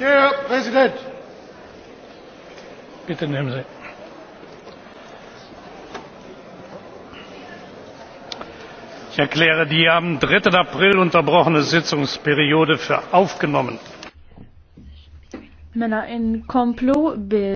Herr Präsident! Bitte nehmen Ich erkläre die am 3. April unterbrochene Sitzungsperiode für aufgenommen. Mela inkomplu bil